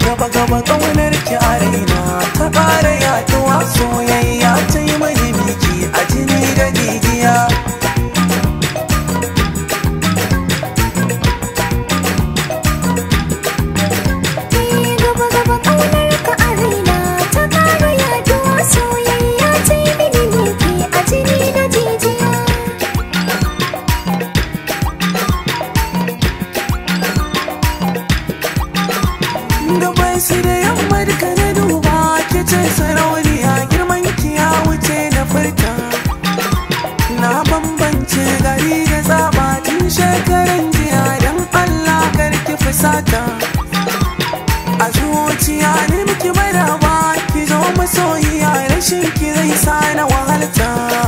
gaba gaba gaunar ki a raina ta fara yaduwa soyayya ta yi mai zuciya ne miki mai da ba ki zama masoyiya rashin ki zai sa na wahalta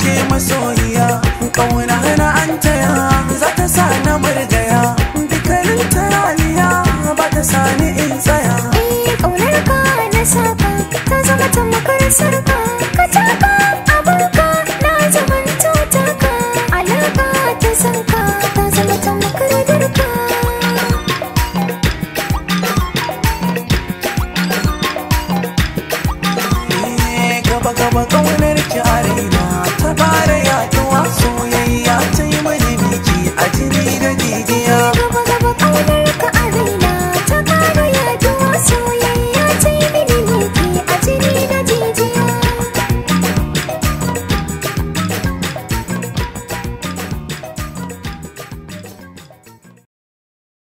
ke masoyiya ƙauna